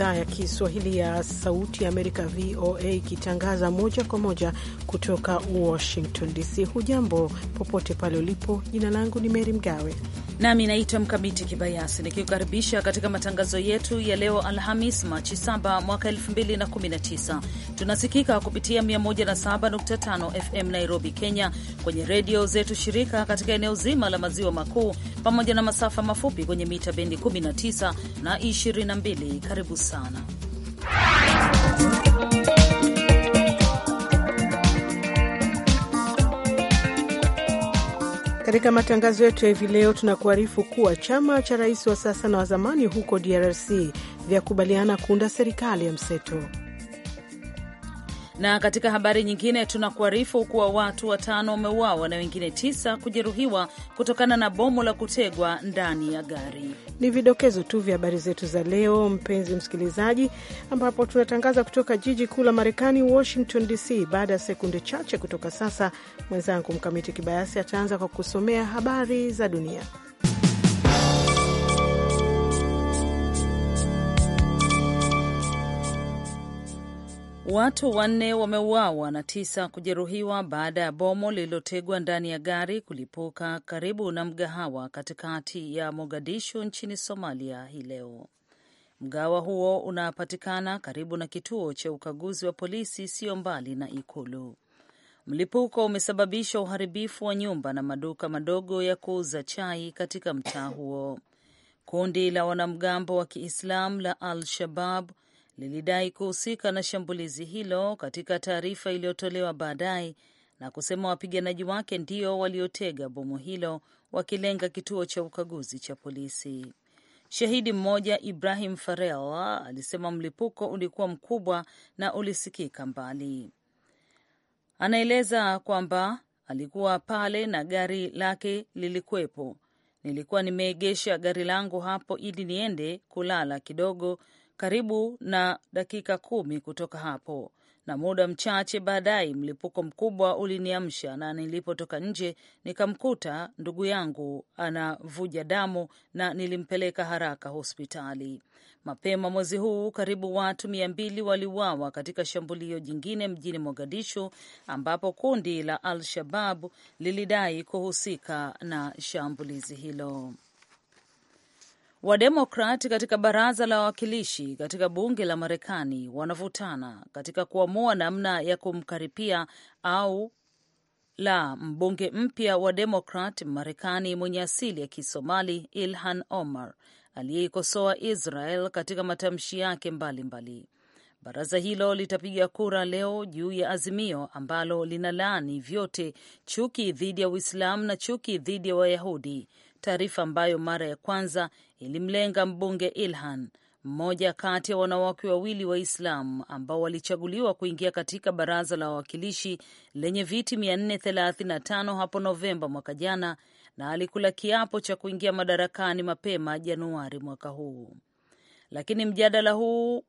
idhaa ya Kiswahili ya Sauti ya Amerika, VOA, ikitangaza moja kwa moja kutoka Washington DC. Hujambo popote pale ulipo. Jina langu ni Meri Mgawe nami naitwa Mkamiti Kibayasi nikikukaribisha katika matangazo yetu ya leo Alhamis, Machi 7 mwaka 2019. Tunasikika kupitia 107.5 FM Nairobi, Kenya, kwenye redio zetu shirika katika eneo zima la maziwa makuu, pamoja na masafa mafupi kwenye mita bendi 19 na 22. Karibu sana Katika matangazo yetu ya hivi leo tunakuarifu kuwa chama cha rais wa sasa na wa zamani huko DRC vyakubaliana kuunda serikali ya mseto. Na katika habari nyingine tunakuarifu kuwa watu watano wameuawa na wengine tisa kujeruhiwa kutokana na bomu la kutegwa ndani ya gari. Ni vidokezo tu vya habari zetu za leo, mpenzi msikilizaji, ambapo tunatangaza kutoka jiji kuu la Marekani, Washington DC. Baada ya sekunde chache kutoka sasa, mwenzangu Mkamiti Kibayasi ataanza kwa kusomea habari za dunia. Watu wanne wameuawa na tisa kujeruhiwa baada ya bomo lililotegwa ndani ya gari kulipuka karibu na mgahawa katikati ya Mogadishu nchini Somalia hii leo. Mgahawa huo unapatikana karibu na kituo cha ukaguzi wa polisi, sio mbali na Ikulu. Mlipuko umesababisha uharibifu wa nyumba na maduka madogo ya kuuza chai katika mtaa huo. Kundi la wanamgambo wa Kiislamu la Al-Shabab lilidai kuhusika na shambulizi hilo katika taarifa iliyotolewa baadaye na kusema wapiganaji wake ndio waliotega bomu hilo wakilenga kituo cha ukaguzi cha polisi. Shahidi mmoja Ibrahim Farel alisema mlipuko ulikuwa mkubwa na ulisikika mbali. Anaeleza kwamba alikuwa pale na gari lake lilikuwepo. Nilikuwa nimeegesha gari langu hapo ili niende kulala kidogo karibu na dakika kumi kutoka hapo, na muda mchache baadaye mlipuko mkubwa uliniamsha, na nilipotoka nje nikamkuta ndugu yangu anavuja damu na nilimpeleka haraka hospitali. Mapema mwezi huu karibu watu mia mbili waliuawa katika shambulio jingine mjini Mogadishu, ambapo kundi la Al Shababu lilidai kuhusika na shambulizi hilo. Wademokrat katika baraza la wawakilishi katika bunge la Marekani wanavutana katika kuamua namna ya kumkaripia au la mbunge mpya wa Demokrat Marekani mwenye asili ya Kisomali Ilhan Omar aliyeikosoa Israel katika matamshi yake mbalimbali mbali. Baraza hilo litapiga kura leo juu ya azimio ambalo linalaani vyote chuki dhidi ya Uislamu na chuki dhidi ya Wayahudi taarifa ambayo mara ya kwanza ilimlenga mbunge Ilhan, mmoja kati ya wanawake wawili Waislamu ambao walichaguliwa kuingia katika baraza la wawakilishi lenye viti 435 hapo Novemba mwaka jana, na alikula kiapo cha kuingia madarakani mapema Januari mwaka huu. Lakini mjadala huu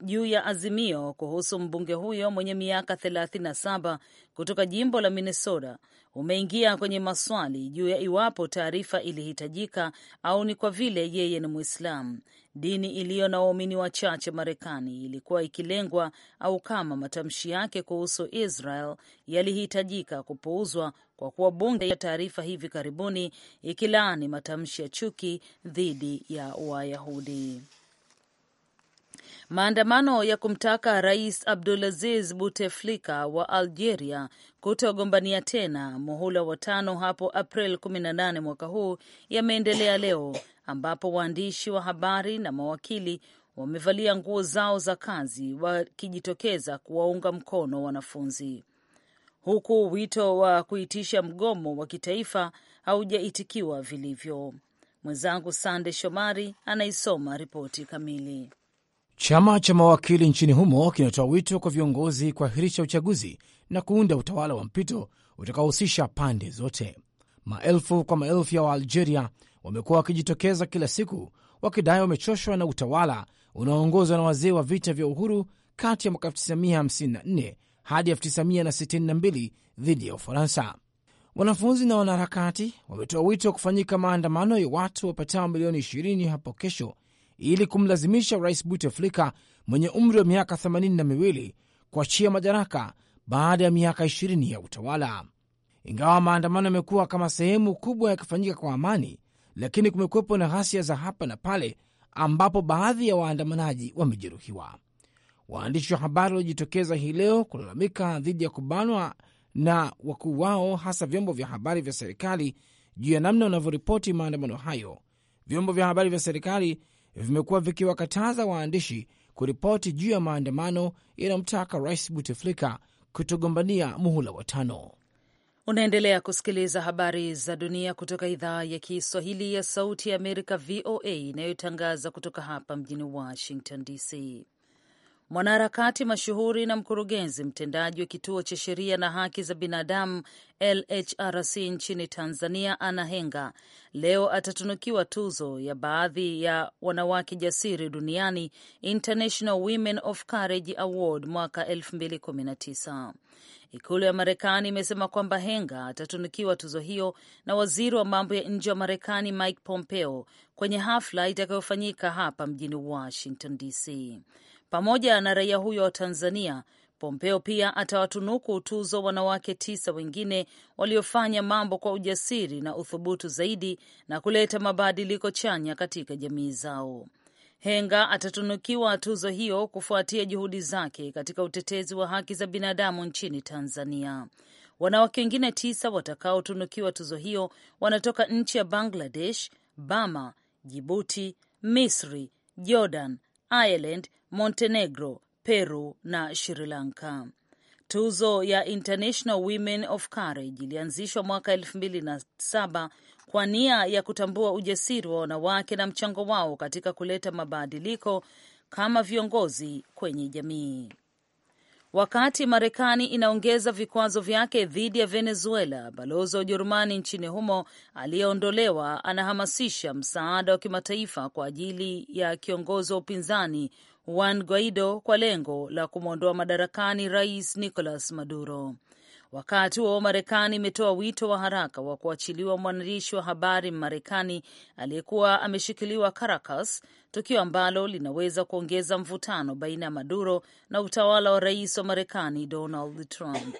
juu ya azimio kuhusu mbunge huyo mwenye miaka 37 kutoka jimbo la Minnesota umeingia kwenye maswali juu ya iwapo taarifa ilihitajika au ni kwa vile yeye ni Mwislamu, dini iliyo na waumini wachache Marekani, ilikuwa ikilengwa au kama matamshi yake kuhusu Israel yalihitajika kupuuzwa kwa kuwa bunge ya taarifa hivi karibuni ikilaani matamshi ya chuki dhidi ya Wayahudi. Maandamano ya kumtaka Rais Abdulaziz Buteflika wa Algeria kutogombania tena muhula wa tano hapo April 18 mwaka huu yameendelea leo, ambapo waandishi wa habari na mawakili wamevalia nguo zao za kazi wakijitokeza kuwaunga mkono wanafunzi, huku wito wa kuitisha mgomo wa kitaifa haujaitikiwa vilivyo. Mwenzangu Sande Shomari anaisoma ripoti kamili. Chama cha mawakili nchini humo kinatoa wito kwa viongozi kuahirisha uchaguzi na kuunda utawala wa mpito utakaohusisha pande zote. Maelfu kwa maelfu ya Waalgeria wamekuwa wakijitokeza kila siku wakidai wamechoshwa na utawala unaoongozwa na wazee wa vita vya uhuru kati ya mwaka 1954 hadi 1962 dhidi ya Ufaransa. Wanafunzi na wanaharakati wametoa wito wa kufanyika maandamano ya watu wapatao milioni 20 hapo kesho ili kumlazimisha Rais buteflika mwenye umri wa miaka themanini na miwili kuachia madaraka baada ya miaka 20 ya utawala. Ingawa maandamano yamekuwa kama sehemu kubwa yakifanyika kwa amani, lakini kumekuwepo na ghasia za hapa na pale, ambapo baadhi ya waandamanaji wamejeruhiwa. Waandishi wa habari waliojitokeza hii leo kulalamika dhidi ya kubanwa na wakuu wao, hasa vyombo vya habari vya serikali, juu ya namna wanavyoripoti maandamano hayo. Vyombo vya habari vya serikali vimekuwa vikiwakataza waandishi kuripoti juu ya maandamano yanamtaka Rais Buteflika kutogombania muhula wa tano. Unaendelea kusikiliza habari za dunia kutoka idhaa ya Kiswahili ya Sauti ya Amerika, VOA, inayotangaza kutoka hapa mjini Washington DC. Mwanaharakati mashuhuri na mkurugenzi mtendaji wa kituo cha sheria na haki za binadamu LHRC nchini Tanzania, Anna Henga leo atatunukiwa tuzo ya baadhi ya wanawake jasiri duniani, International Women of Courage Award mwaka 2019. Ikulu ya Marekani imesema kwamba Henga atatunukiwa tuzo hiyo na waziri wa mambo ya nje wa Marekani Mike Pompeo kwenye hafla itakayofanyika hapa mjini Washington DC. Pamoja na raia huyo wa Tanzania, Pompeo pia atawatunuku tuzo wanawake tisa wengine waliofanya mambo kwa ujasiri na uthubutu zaidi na kuleta mabadiliko chanya katika jamii zao. Henga atatunukiwa tuzo hiyo kufuatia juhudi zake katika utetezi wa haki za binadamu nchini Tanzania. Wanawake wengine tisa watakaotunukiwa tuzo hiyo wanatoka nchi ya Bangladesh, Bama, Jibuti, Misri, Jordan, Ireland, Montenegro, Peru na Sri Lanka. Tuzo ya International Women of Courage ilianzishwa mwaka elfu mbili na saba kwa nia ya kutambua ujasiri wa wanawake na mchango wao katika kuleta mabadiliko kama viongozi kwenye jamii. Wakati Marekani inaongeza vikwazo vyake dhidi ya Venezuela, balozi wa Ujerumani nchini humo aliyeondolewa anahamasisha msaada wa kimataifa kwa ajili ya kiongozi wa upinzani Juan Guaido kwa lengo la kumwondoa madarakani Rais Nicolas Maduro. Wakati huo Marekani imetoa wito wa haraka wa kuachiliwa mwandishi wa habari marekani aliyekuwa ameshikiliwa Caracas, tukio ambalo linaweza kuongeza mvutano baina ya Maduro na utawala wa rais wa Marekani Donald Trump.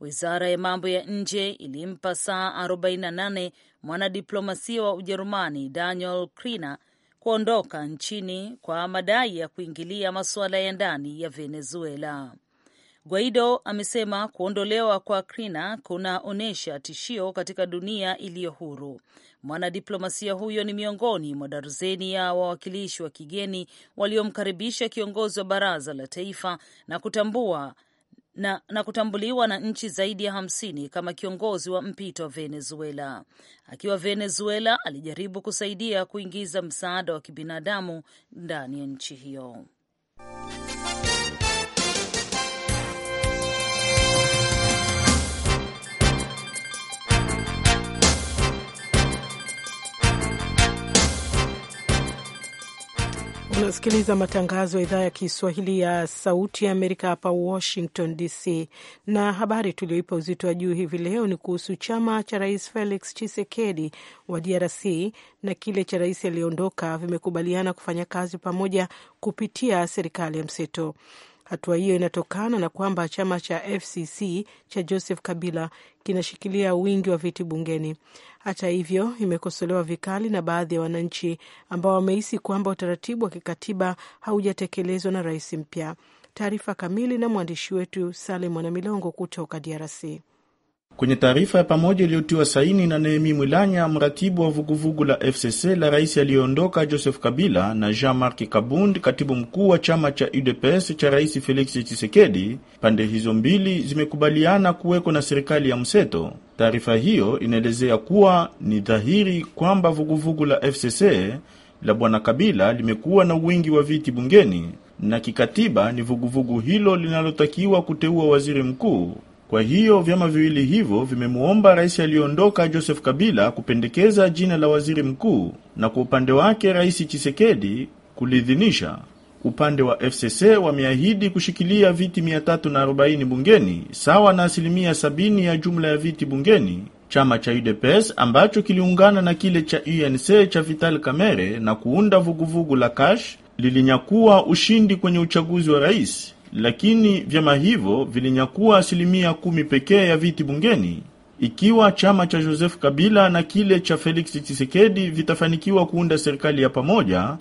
Wizara ya mambo ya nje ilimpa saa 48 mwanadiplomasia wa Ujerumani Daniel Kriener kuondoka nchini kwa madai ya kuingilia masuala ya ndani ya Venezuela. Guaido amesema kuondolewa kwa Krina kunaonyesha tishio katika dunia iliyo huru. Mwanadiplomasia huyo ni miongoni mwa darzeni ya wawakilishi wa kigeni waliomkaribisha kiongozi wa baraza la taifa na kutambua na, na kutambuliwa na nchi zaidi ya hamsini kama kiongozi wa mpito wa Venezuela. Akiwa Venezuela, alijaribu kusaidia kuingiza msaada wa kibinadamu ndani ya nchi hiyo. Unasikiliza matangazo ya idhaa ya Kiswahili ya Sauti ya Amerika hapa Washington DC, na habari tulioipa uzito wa juu hivi leo ni kuhusu chama cha Rais Felix chisekedi wa DRC na kile cha rais aliyeondoka vimekubaliana kufanya kazi pamoja kupitia serikali ya mseto. Hatua hiyo inatokana na kwamba chama cha FCC cha Joseph Kabila kinashikilia wingi wa viti bungeni. Hata hivyo, imekosolewa vikali na baadhi ya wananchi ambao wamehisi kwamba utaratibu wa kikatiba haujatekelezwa na rais mpya. Taarifa kamili na mwandishi wetu Sale Mwanamilongo kutoka DRC. Kwenye taarifa ya pamoja iliyotiwa saini na Nehemi Mwilanya, mratibu wa vuguvugu la FCC la rais aliyeondoka Joseph Kabila, na Jean-Marc Kabund, katibu mkuu wa chama cha UDPS cha rais Felix Tshisekedi, pande hizo mbili zimekubaliana kuweko na serikali ya mseto. Taarifa hiyo inaelezea kuwa ni dhahiri kwamba vuguvugu la FCC la bwana Kabila limekuwa na wingi wa viti bungeni na kikatiba ni vuguvugu hilo linalotakiwa kuteua waziri mkuu kwa hiyo vyama viwili hivyo vimemwomba rais aliyeondoka Joseph Kabila kupendekeza jina la waziri mkuu na kwa upande wake rais Chisekedi kulidhinisha. Upande wa FCC wameahidi kushikilia viti 340 bungeni sawa na asilimia 70 ya jumla ya viti bungeni. Chama cha UDPS ambacho kiliungana na kile cha UNC cha Vital Kamerhe na kuunda vuguvugu la Kash lilinyakua ushindi kwenye uchaguzi wa rais lakini vyama hivyo vilinyakua asilimia kumi pekee ya viti bungeni. Ikiwa chama cha Joseph Kabila na kile cha Felix Tshisekedi vitafanikiwa kuunda serikali ya pamoja,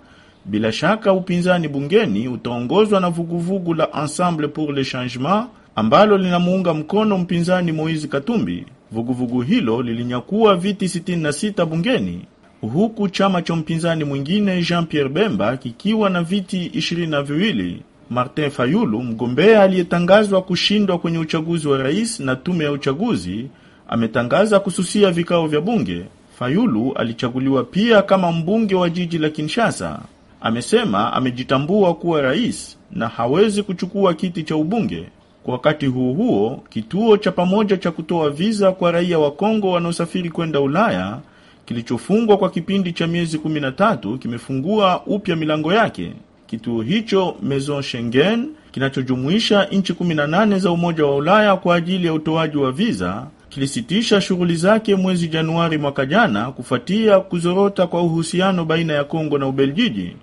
bila shaka upinzani bungeni utaongozwa na vuguvugu la Ensemble pour le Changement ambalo linamuunga mkono mpinzani Moise Katumbi. Vuguvugu hilo lilinyakuwa viti 66 bungeni huku chama cha mpinzani mwingine Jean Pierre Bemba kikiwa na viti ishirini na viwili. Martin Fayulu, mgombea aliyetangazwa kushindwa kwenye uchaguzi wa rais na tume ya uchaguzi, ametangaza kususia vikao vya bunge. Fayulu alichaguliwa pia kama mbunge wa jiji la Kinshasa. Amesema amejitambua kuwa rais na hawezi kuchukua kiti cha ubunge. Kwa wakati huo huo, kituo cha pamoja cha kutoa viza kwa raia wa Kongo wanaosafiri kwenda Ulaya kilichofungwa kwa kipindi cha miezi 13 kimefungua upya milango yake. Kituo hicho Maison Schengen kinachojumuisha nchi 18 za Umoja wa Ulaya kwa ajili ya utoaji wa viza kilisitisha shughuli zake mwezi Januari mwaka jana kufuatia kuzorota kwa uhusiano baina ya Kongo na Ubeljiji.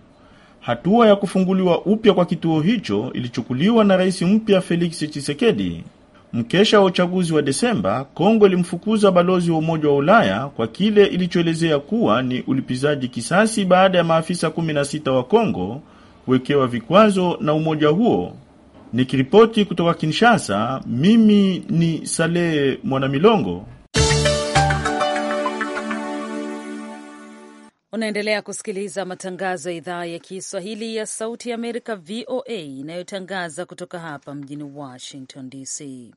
Hatua ya kufunguliwa upya kwa kituo hicho ilichukuliwa na rais mpya Felix Tshisekedi. Mkesha wa uchaguzi wa Desemba, Kongo ilimfukuza balozi wa Umoja wa Ulaya kwa kile ilichoelezea kuwa ni ulipizaji kisasi baada ya maafisa 16 wa Kongo kuwekewa vikwazo na umoja huo. Nikiripoti kutoka Kinshasa, mimi ni Saleh Mwanamilongo. Unaendelea kusikiliza matangazo ya idhaa ya Kiswahili ya Sauti ya Amerika, VOA, inayotangaza kutoka hapa mjini Washington DC.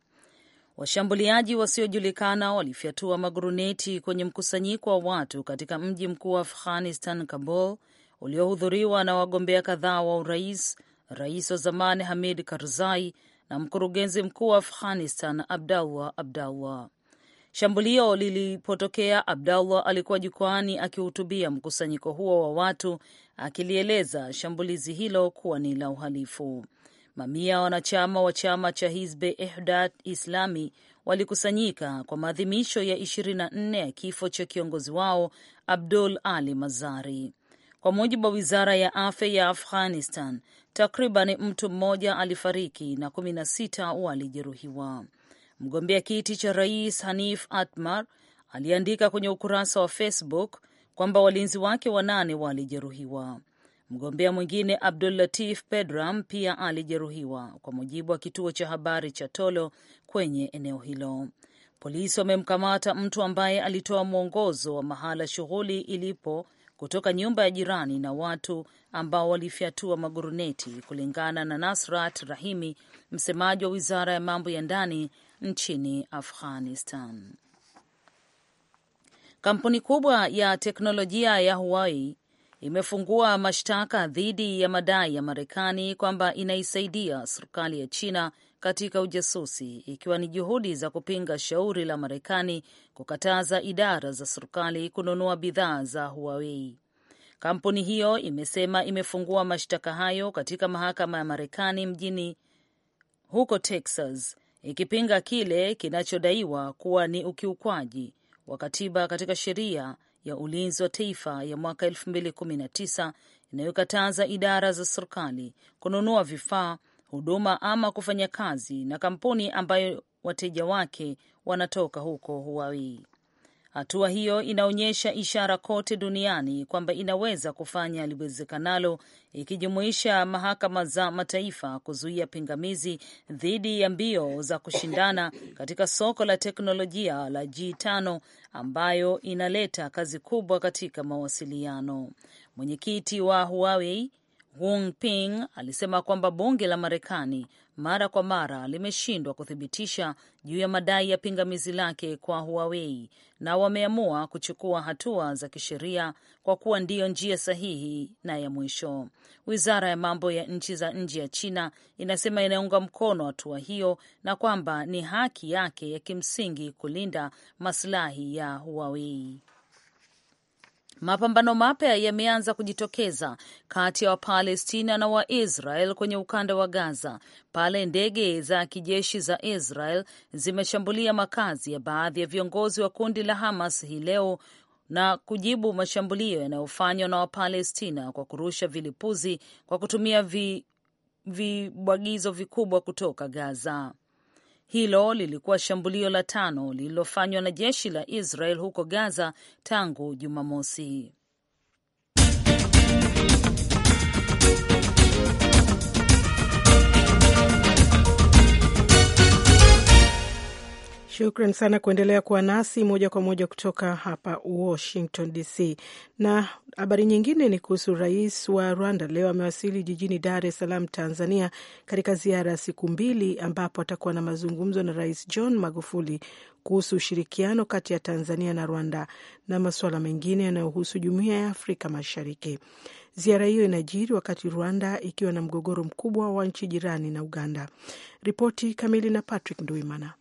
Washambuliaji wasiojulikana walifyatua maguruneti kwenye mkusanyiko wa watu katika mji mkuu wa Afghanistan, Kabul, uliohudhuriwa na wagombea kadhaa wa urais, rais wa zamani Hamid Karzai na mkurugenzi mkuu wa Afghanistan Abdallah Abdallah. Shambulio lilipotokea, Abdallah alikuwa jukwani akihutubia mkusanyiko huo wa watu, akilieleza shambulizi hilo kuwa ni la uhalifu. Mamia wanachama wa chama cha Hizbe Ehdat Islami walikusanyika kwa maadhimisho ya 24 ya kifo cha kiongozi wao Abdul Ali Mazari. Kwa mujibu wa wizara ya afya ya Afghanistan, takriban mtu mmoja alifariki na kumi na sita walijeruhiwa. Mgombea kiti cha rais Hanif Atmar aliandika kwenye ukurasa wa Facebook kwamba walinzi wake wanane walijeruhiwa. Mgombea mwingine Abdul Latif Pedram pia alijeruhiwa, kwa mujibu wa kituo cha habari cha Tolo kwenye eneo hilo. Polisi wamemkamata mtu ambaye alitoa mwongozo wa mahala shughuli ilipo kutoka nyumba ya jirani na watu ambao walifyatua maguruneti, kulingana na Nasrat Rahimi, msemaji wa wizara ya mambo ya ndani nchini Afghanistan. Kampuni kubwa ya teknolojia ya Huawei imefungua mashtaka dhidi ya madai ya Marekani kwamba inaisaidia serikali ya China katika ujasusi ikiwa ni juhudi za kupinga shauri la Marekani kukataza idara za serikali kununua bidhaa za Huawei. Kampuni hiyo imesema imefungua mashtaka hayo katika mahakama ya Marekani mjini huko Texas, ikipinga kile kinachodaiwa kuwa ni ukiukwaji wa katiba katika sheria ya ulinzi wa taifa ya mwaka 2019 inayokataza idara za serikali kununua vifaa huduma ama kufanya kazi na kampuni ambayo wateja wake wanatoka huko Huawei. Hatua hiyo inaonyesha ishara kote duniani kwamba inaweza kufanya liwezekanalo, ikijumuisha mahakama za mataifa kuzuia pingamizi dhidi ya mbio za kushindana katika soko la teknolojia la G5 ambayo inaleta kazi kubwa katika mawasiliano. Mwenyekiti wa Huawei Wong Ping alisema kwamba bunge la Marekani mara kwa mara limeshindwa kuthibitisha juu ya madai ya pingamizi lake kwa Huawei na wameamua kuchukua hatua za kisheria kwa kuwa ndiyo njia sahihi na ya mwisho. Wizara ya mambo ya nchi za nje ya China inasema inaunga mkono hatua hiyo na kwamba ni haki yake ya kimsingi kulinda maslahi ya Huawei. Mapambano mapya yameanza kujitokeza kati ya Wapalestina na Waisrael kwenye ukanda wa Gaza pale ndege za kijeshi za Israel zimeshambulia makazi ya baadhi ya viongozi wa kundi la Hamas hii leo na kujibu mashambulio yanayofanywa na Wapalestina kwa kurusha vilipuzi kwa kutumia vi vikubwa kutoka Gaza. Hilo lilikuwa shambulio la tano lililofanywa na jeshi la Israel huko Gaza tangu Jumamosi. Shukran sana kuendelea kuwa nasi moja kwa moja kutoka hapa Washington DC. Na habari nyingine ni kuhusu rais wa Rwanda leo amewasili jijini Dar es Salaam, Tanzania, katika ziara ya siku mbili ambapo atakuwa na mazungumzo na Rais John Magufuli kuhusu ushirikiano kati ya Tanzania na Rwanda na masuala mengine yanayohusu jumuiya ya Afrika Mashariki. Ziara hiyo inajiri wakati Rwanda ikiwa na mgogoro mkubwa wa nchi jirani na Uganda. Ripoti kamili na Patrick Nduimana.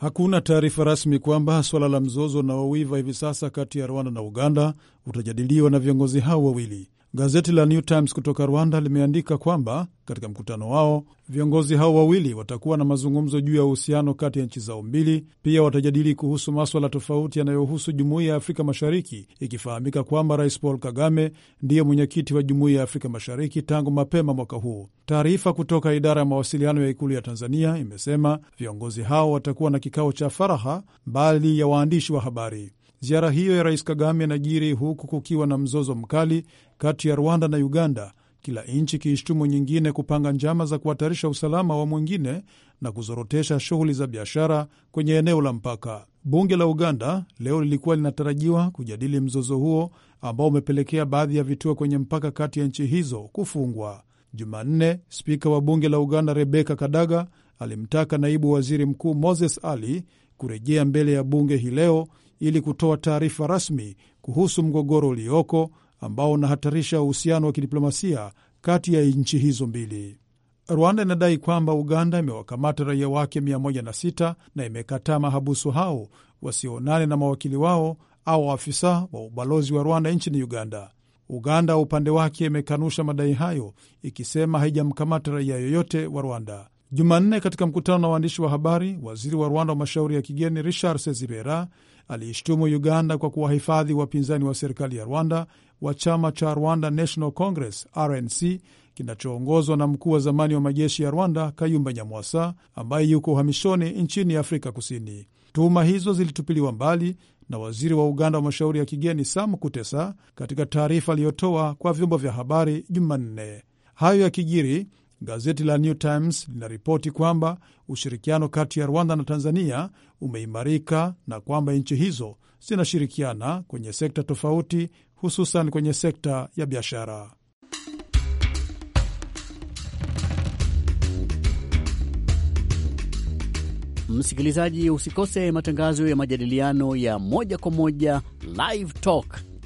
Hakuna taarifa rasmi kwamba swala la mzozo unaowiva hivi sasa kati ya Rwanda na Uganda utajadiliwa na viongozi hao wawili. Gazeti la New Times kutoka Rwanda limeandika kwamba katika mkutano wao viongozi hao wawili watakuwa na mazungumzo juu ya uhusiano kati ya nchi zao mbili. Pia watajadili kuhusu maswala tofauti yanayohusu jumuiya ya Afrika Mashariki, ikifahamika kwamba Rais Paul Kagame ndiye mwenyekiti wa jumuiya ya Afrika Mashariki tangu mapema mwaka huu. Taarifa kutoka idara ya mawasiliano ya Ikulu ya Tanzania imesema viongozi hao watakuwa na kikao cha faraha mbali ya waandishi wa habari. Ziara hiyo ya Rais Kagame inajiri huku kukiwa na mzozo mkali kati ya Rwanda na Uganda, kila nchi kiishtumu nyingine kupanga njama za kuhatarisha usalama wa mwingine na kuzorotesha shughuli za biashara kwenye eneo la mpaka. Bunge la Uganda leo lilikuwa linatarajiwa kujadili mzozo huo ambao umepelekea baadhi ya vituo kwenye mpaka kati ya nchi hizo kufungwa. Jumanne, spika wa bunge la Uganda Rebeka Kadaga alimtaka naibu waziri mkuu Moses Ali kurejea mbele ya bunge hii leo ili kutoa taarifa rasmi kuhusu mgogoro ulioko ambao unahatarisha uhusiano wa kidiplomasia kati ya nchi hizo mbili. Rwanda inadai kwamba Uganda imewakamata raia wake 106 na imekataa mahabusu hao wasionane na mawakili wao au waafisa wa ubalozi wa Rwanda nchini Uganda. Uganda upande wake imekanusha madai hayo, ikisema haijamkamata raia yoyote wa Rwanda. Jumanne, katika mkutano na waandishi wa habari, waziri wa Rwanda wa mashauri ya kigeni Richard Sezibera aliishtumu Uganda kwa kuwahifadhi wapinzani wa serikali ya Rwanda wa chama cha Rwanda National Congress RNC kinachoongozwa na mkuu wa zamani wa majeshi ya Rwanda Kayumba Nyamwasa ambaye yuko uhamishoni nchini Afrika Kusini. Tuhuma hizo zilitupiliwa mbali na waziri wa Uganda wa mashauri ya kigeni Sam Kutesa katika taarifa aliyotoa kwa vyombo vya habari Jumanne. Hayo yakijiri, Gazeti la New Times linaripoti kwamba ushirikiano kati ya Rwanda na Tanzania umeimarika na kwamba nchi hizo zinashirikiana kwenye sekta tofauti, hususan kwenye sekta ya biashara. Msikilizaji, usikose matangazo ya majadiliano ya moja kwa moja Live Talk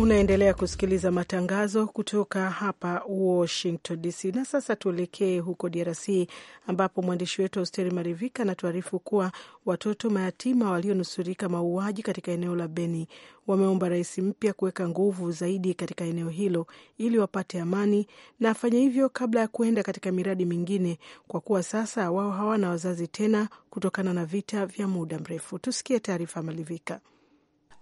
Unaendelea kusikiliza matangazo kutoka hapa Washington DC. Na sasa tuelekee huko DRC ambapo mwandishi wetu Austeri Marivika anatuarifu kuwa watoto mayatima walionusurika mauaji katika eneo la Beni wameomba rais mpya kuweka nguvu zaidi katika eneo hilo ili wapate amani na afanye hivyo kabla ya kuenda katika miradi mingine, kwa kuwa sasa wao hawana wazazi tena kutokana na vita vya muda mrefu. Tusikie taarifa Malivika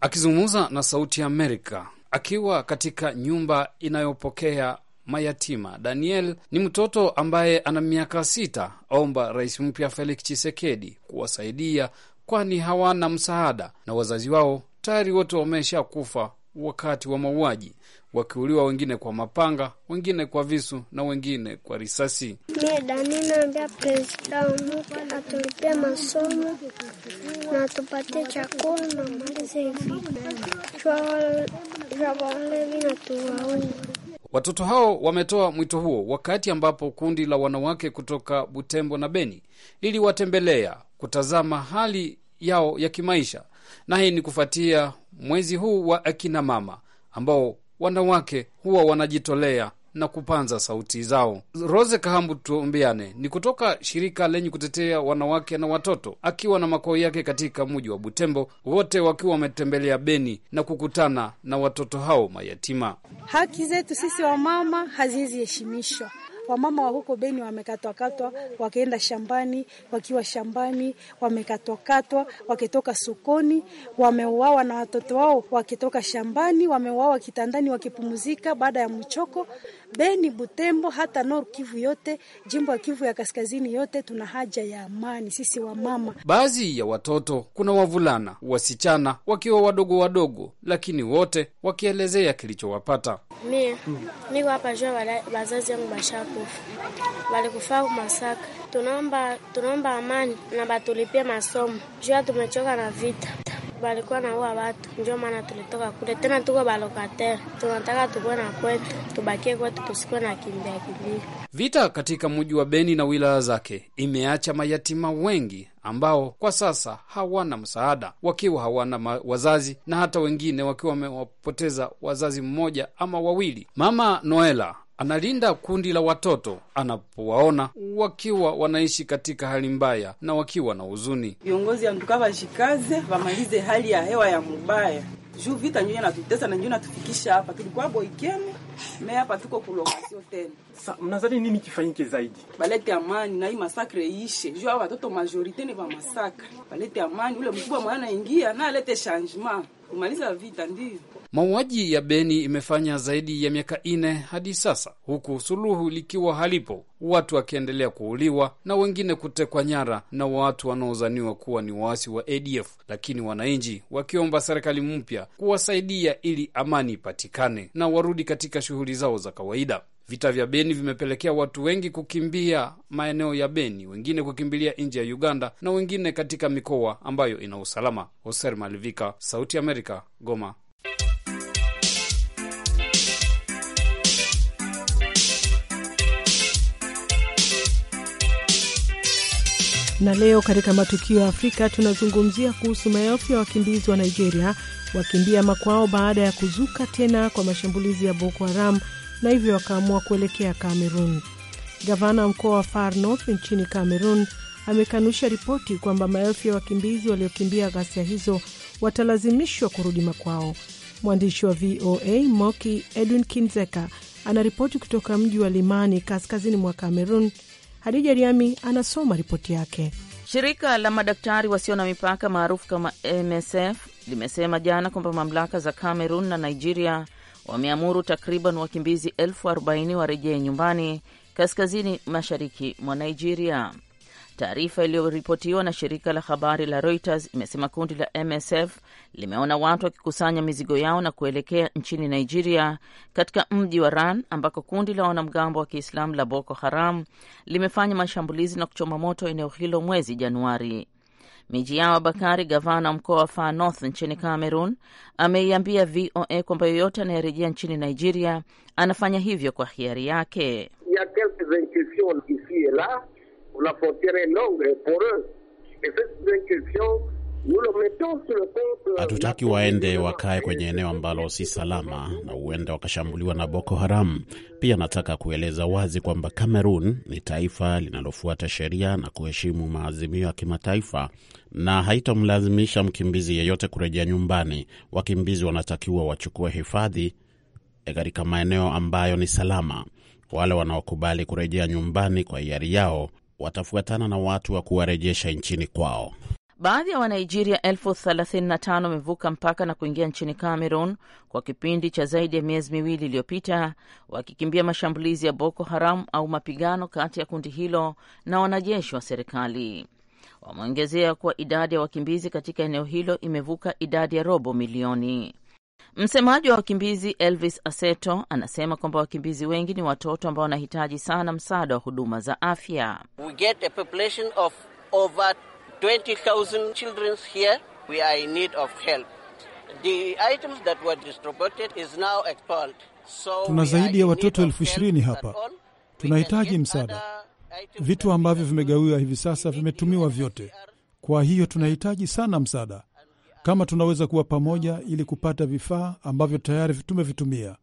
akizungumza na Sauti ya Amerika akiwa katika nyumba inayopokea mayatima. Daniel ni mtoto ambaye ana miaka sita, aomba rais mpya Felix chisekedi kuwasaidia, kwani hawana msaada na wazazi wao tayari wote wamesha kufa wakati wa mauaji, wakiuliwa wengine kwa mapanga, wengine kwa visu na wengine kwa risasi. Mie Dani naambia presida mpya masomo na atupatie chakula na malize Watoto hao wametoa mwito huo wakati ambapo kundi la wanawake kutoka Butembo na Beni liliwatembelea kutazama hali yao ya kimaisha, na hii ni kufuatia mwezi huu wa akina mama ambao wanawake huwa wanajitolea na kupanza sauti zao. Rose Kahambu Tuombeane ni kutoka shirika lenye kutetea wanawake na watoto, akiwa na makao yake katika muji wa Butembo, wote wakiwa wametembelea Beni na kukutana na watoto hao mayatima. Haki zetu sisi wamama haziwezi heshimishwa, Wamama wa huko Beni wamekatwakatwa wakienda shambani, wakiwa shambani wamekatwakatwa, wakitoka sokoni wameuawa, na watoto wao wakitoka shambani wameuawa, kitandani wakipumzika baada ya mchoko. Beni, Butembo, hata nor Kivu yote, jimbo ya Kivu ya kaskazini yote, tuna haja ya amani sisi wamama. Baadhi ya watoto, kuna wavulana, wasichana wakiwa wadogo wadogo, lakini wote wakielezea kilichowapata. Mie niko hapa jua wazazi yangu bashakufa, walikufaa kumasaka. Tunaomba tunaomba amani na batulipie masomo jua tumechoka na vita balikuwa naua watu, ndio maana tulitoka kule. Tena tuko balokate, tunataka tukuwe na kwetu, tubakie kwetu, tusikuwe na kimbia kimbia. Vita katika mji wa Beni na wilaya zake imeacha mayatima wengi ambao kwa sasa hawana msaada, wakiwa hawana wazazi na hata wengine wakiwa wamewapoteza wazazi mmoja ama wawili. Mama Noela analinda kundi la watoto anapowaona wakiwa wanaishi katika hali mbaya na wakiwa na huzuni. Viongozi antuka vashikaze vamalize hali ya hewa ya mubaya juu vita njuye natutesa na njuye natufikisha hapa. Tulikuwa boikeni me hapa tuko kulokasio tena. Sa mnazani nini kifanyike zaidi? Balete amani na hii masakre iishe, juu hao watoto majorite ni vamasakre. Balete amani, ule mkubwa mwana ingia na alete changement kumaliza vita ndio. Mauaji ya Beni imefanya zaidi ya miaka nne hadi sasa, huku suluhu likiwa halipo, watu wakiendelea kuuliwa na wengine kutekwa nyara na watu wanaozaniwa kuwa ni waasi wa ADF, lakini wananchi wakiomba serikali mpya kuwasaidia ili amani ipatikane na warudi katika shughuli zao za kawaida. Vita vya Beni vimepelekea watu wengi kukimbia maeneo ya Beni, wengine kukimbilia nje ya Uganda na wengine katika mikoa ambayo ina usalama. Hoser Malivika, Sauti ya Amerika, Goma. Na leo katika matukio ya Afrika tunazungumzia kuhusu maelfu ya wakimbizi wa Nigeria wakimbia makwao baada ya kuzuka tena kwa mashambulizi ya Boko Haram na hivyo akaamua kuelekea Kamerun. Gavana mkoa wa Far North nchini Kamerun amekanusha ripoti kwamba maelfu ya wakimbizi waliokimbia ghasia hizo watalazimishwa kurudi makwao. Mwandishi wa VOA Moki Edwin Kinzeka anaripoti kutoka mji wa Limani, kaskazini mwa Kamerun. Hadija Riami anasoma ripoti yake. Shirika la madaktari wasio na mipaka maarufu kama MSF limesema jana kwamba mamlaka za Kamerun na Nigeria wameamuru takriban wakimbizi elfu arobaini warejee nyumbani kaskazini mashariki mwa Nigeria. Taarifa iliyoripotiwa na shirika la habari la Reuters imesema kundi la MSF limeona watu wakikusanya mizigo yao na kuelekea nchini Nigeria, katika mji wa Ran ambako kundi la wanamgambo wa Kiislamu la Boko Haram limefanya mashambulizi na kuchoma moto eneo hilo mwezi Januari. Mijiawa Bakari, gavana mkoa wa Far North nchini Cameroon, ameiambia VOA kwamba yoyote anayerejea nchini Nigeria anafanya hivyo kwa hiari yake. Hatutaki waende wakae kwenye eneo ambalo si salama na huenda wakashambuliwa na Boko Haram. Pia nataka kueleza wazi kwamba Cameroon ni taifa linalofuata sheria na kuheshimu maazimio ya kimataifa na haitamlazimisha mkimbizi yeyote kurejea nyumbani. Wakimbizi wanatakiwa wachukue hifadhi eh, katika maeneo ambayo ni salama. Wale wanaokubali kurejea nyumbani kwa hiari yao watafuatana na watu wa kuwarejesha nchini kwao. Baadhi ya Wanigeria elfu thelathini na tano wamevuka mpaka na kuingia nchini Cameroon kwa kipindi cha zaidi ya miezi miwili iliyopita, wakikimbia mashambulizi ya Boko Haram au mapigano kati ya kundi hilo na wanajeshi wa serikali. Wameongezea kuwa idadi ya wakimbizi katika eneo hilo imevuka idadi ya robo milioni. Msemaji wa wakimbizi Elvis Aseto anasema kwamba wakimbizi wengi ni watoto ambao wanahitaji sana msaada wa huduma za afya. We get a population of over 20,000 children here, we are in need of help. The items that were distributed is now expelled. So tuna zaidi ya watoto elfu ishirini hapa, tunahitaji msaada. Vitu ambavyo vimegawiwa hivi sasa vimetumiwa vyote, kwa hiyo tunahitaji sana msaada. Kama tunaweza kuwa pamoja ili kupata vifaa ambavyo tayari tumevitumia,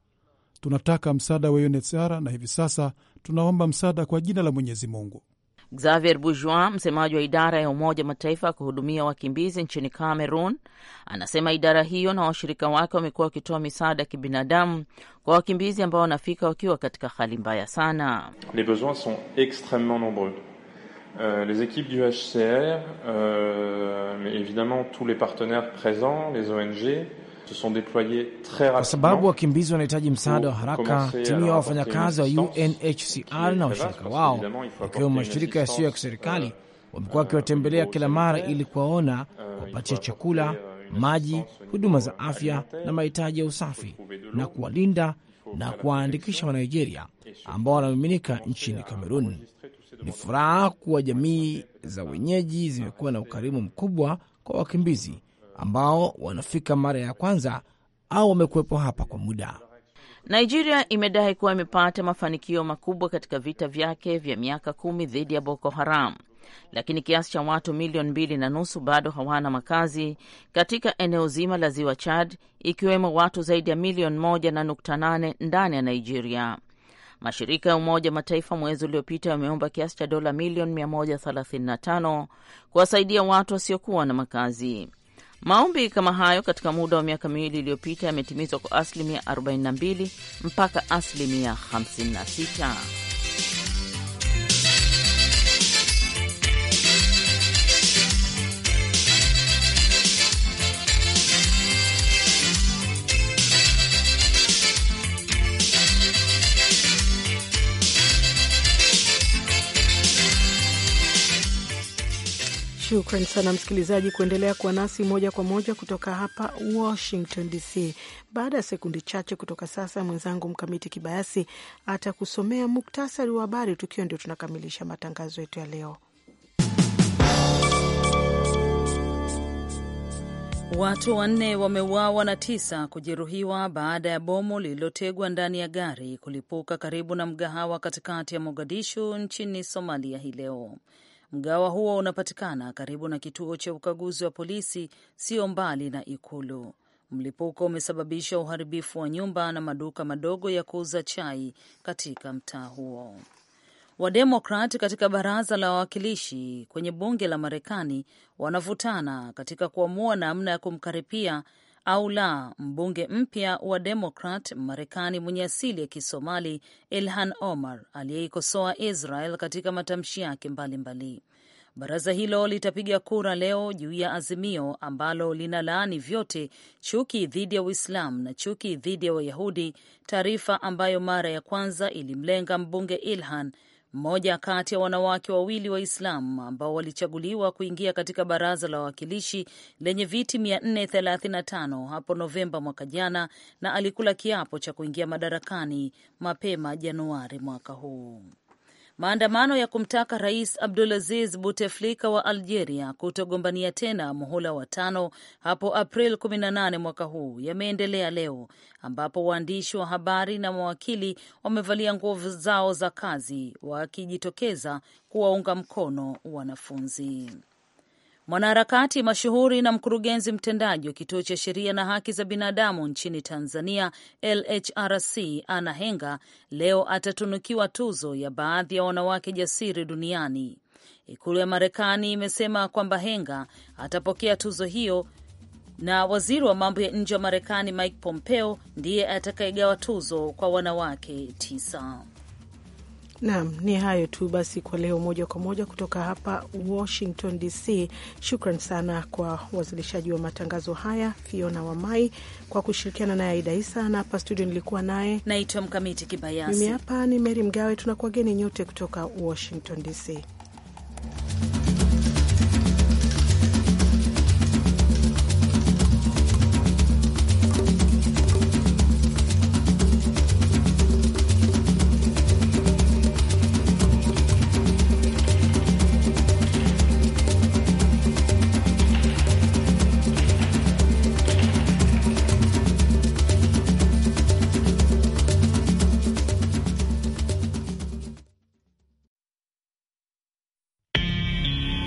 tunataka msaada wa UNHCR na hivi sasa tunaomba msaada kwa jina la Mwenyezi Mungu. Xavier Bourgeois, msemaji wa idara ya Umoja Mataifa ya kuhudumia wakimbizi nchini Cameroon, anasema idara hiyo na washirika wake wamekuwa wakitoa misaada ya kibinadamu kwa wakimbizi ambao wanafika wakiwa katika hali mbaya sana. Les besoins sont extrêmement nombreux. Euh, les équipes du HCR, euh, mais évidemment tous les partenaires présents, les ONG kwa sababu wakimbizi wanahitaji msaada wa haraka. Timu ya wafanyakazi wa UNHCR na washirika wao, ikiwemo mashirika yasiyo ya kiserikali, euh, wamekuwa euh, wakiwatembelea kila mara ili kuwaona, euh, kuwapatia chakula, maji, huduma za afya na mahitaji ya usafi na kuwalinda na kuwaandikisha Wanigeria ambao wanamiminika nchini Kamerun. Ni furaha kuwa jamii za wenyeji zimekuwa na ukarimu mkubwa kwa wakimbizi ambao wanafika mara ya kwanza au wamekuwepo hapa kwa muda. Nigeria imedai kuwa imepata mafanikio makubwa katika vita vyake vya miaka kumi dhidi ya Boko Haram, lakini kiasi cha watu milioni mbili na nusu bado hawana makazi katika eneo zima la ziwa Chad, ikiwemo watu zaidi ya milioni moja na nukta nane ndani ya Nigeria. Mashirika ya Umoja Mataifa mwezi uliopita yameomba kiasi cha dola milioni 135 kuwasaidia watu wasiokuwa na makazi. Maombi kama hayo katika muda wa miaka miwili iliyopita yametimizwa kwa asilimia 42 mpaka asilimia 56. Shukran sana msikilizaji kuendelea kuwa nasi moja kwa moja kutoka hapa Washington DC. Baada ya sekundi chache kutoka sasa, mwenzangu Mkamiti Kibayasi atakusomea muktasari wa habari, tukiwa ndio tunakamilisha matangazo yetu ya leo. Watu wanne wameuawa na tisa kujeruhiwa baada ya bomu lililotegwa ndani ya gari kulipuka karibu na mgahawa katikati ya Mogadishu nchini Somalia hii leo. Mgawa huo unapatikana karibu na kituo cha ukaguzi wa polisi, sio mbali na Ikulu. Mlipuko umesababisha uharibifu wa nyumba na maduka madogo ya kuuza chai katika mtaa huo. Wademokrat katika baraza la wawakilishi kwenye bunge la Marekani wanavutana katika kuamua namna ya kumkaripia au la, mbunge mpya wa Demokrat Marekani mwenye asili ya Kisomali Ilhan Omar aliyeikosoa Israel katika matamshi yake mbalimbali. Baraza hilo litapiga kura leo juu ya azimio ambalo lina laani vyote chuki dhidi ya Uislamu na chuki dhidi ya Wayahudi, taarifa ambayo mara ya kwanza ilimlenga mbunge Ilhan mmoja kati ya wanawake wawili Waislamu ambao walichaguliwa kuingia katika baraza la wawakilishi lenye viti 435 hapo Novemba mwaka jana, na alikula kiapo cha kuingia madarakani mapema Januari mwaka huu. Maandamano ya kumtaka Rais Abdulaziz Buteflika wa Algeria kutogombania tena muhula wa tano hapo April 18 mwaka huu yameendelea leo, ambapo waandishi wa habari na mawakili wamevalia nguo zao za kazi wakijitokeza kuwaunga mkono wanafunzi. Mwanaharakati mashuhuri na mkurugenzi mtendaji wa kituo cha sheria na haki za binadamu nchini Tanzania, LHRC, Anna Henga leo atatunukiwa tuzo ya baadhi ya wanawake jasiri duniani. Ikulu ya Marekani imesema kwamba Henga atapokea tuzo hiyo na waziri wa mambo ya nje wa Marekani Mike Pompeo ndiye atakayegawa tuzo kwa wanawake tisa. Naam, ni hayo tu basi kwa leo, moja kwa moja kutoka hapa Washington DC. Shukran sana kwa uwasilishaji wa matangazo haya, Fiona Wamai kwa kushirikiana naye Aida Isa, na hapa studio nilikuwa naye naitwa Mkamiti Kibayasi. Mimi hapa ni Meri Mgawe, tunakuwageni nyote kutoka Washington DC.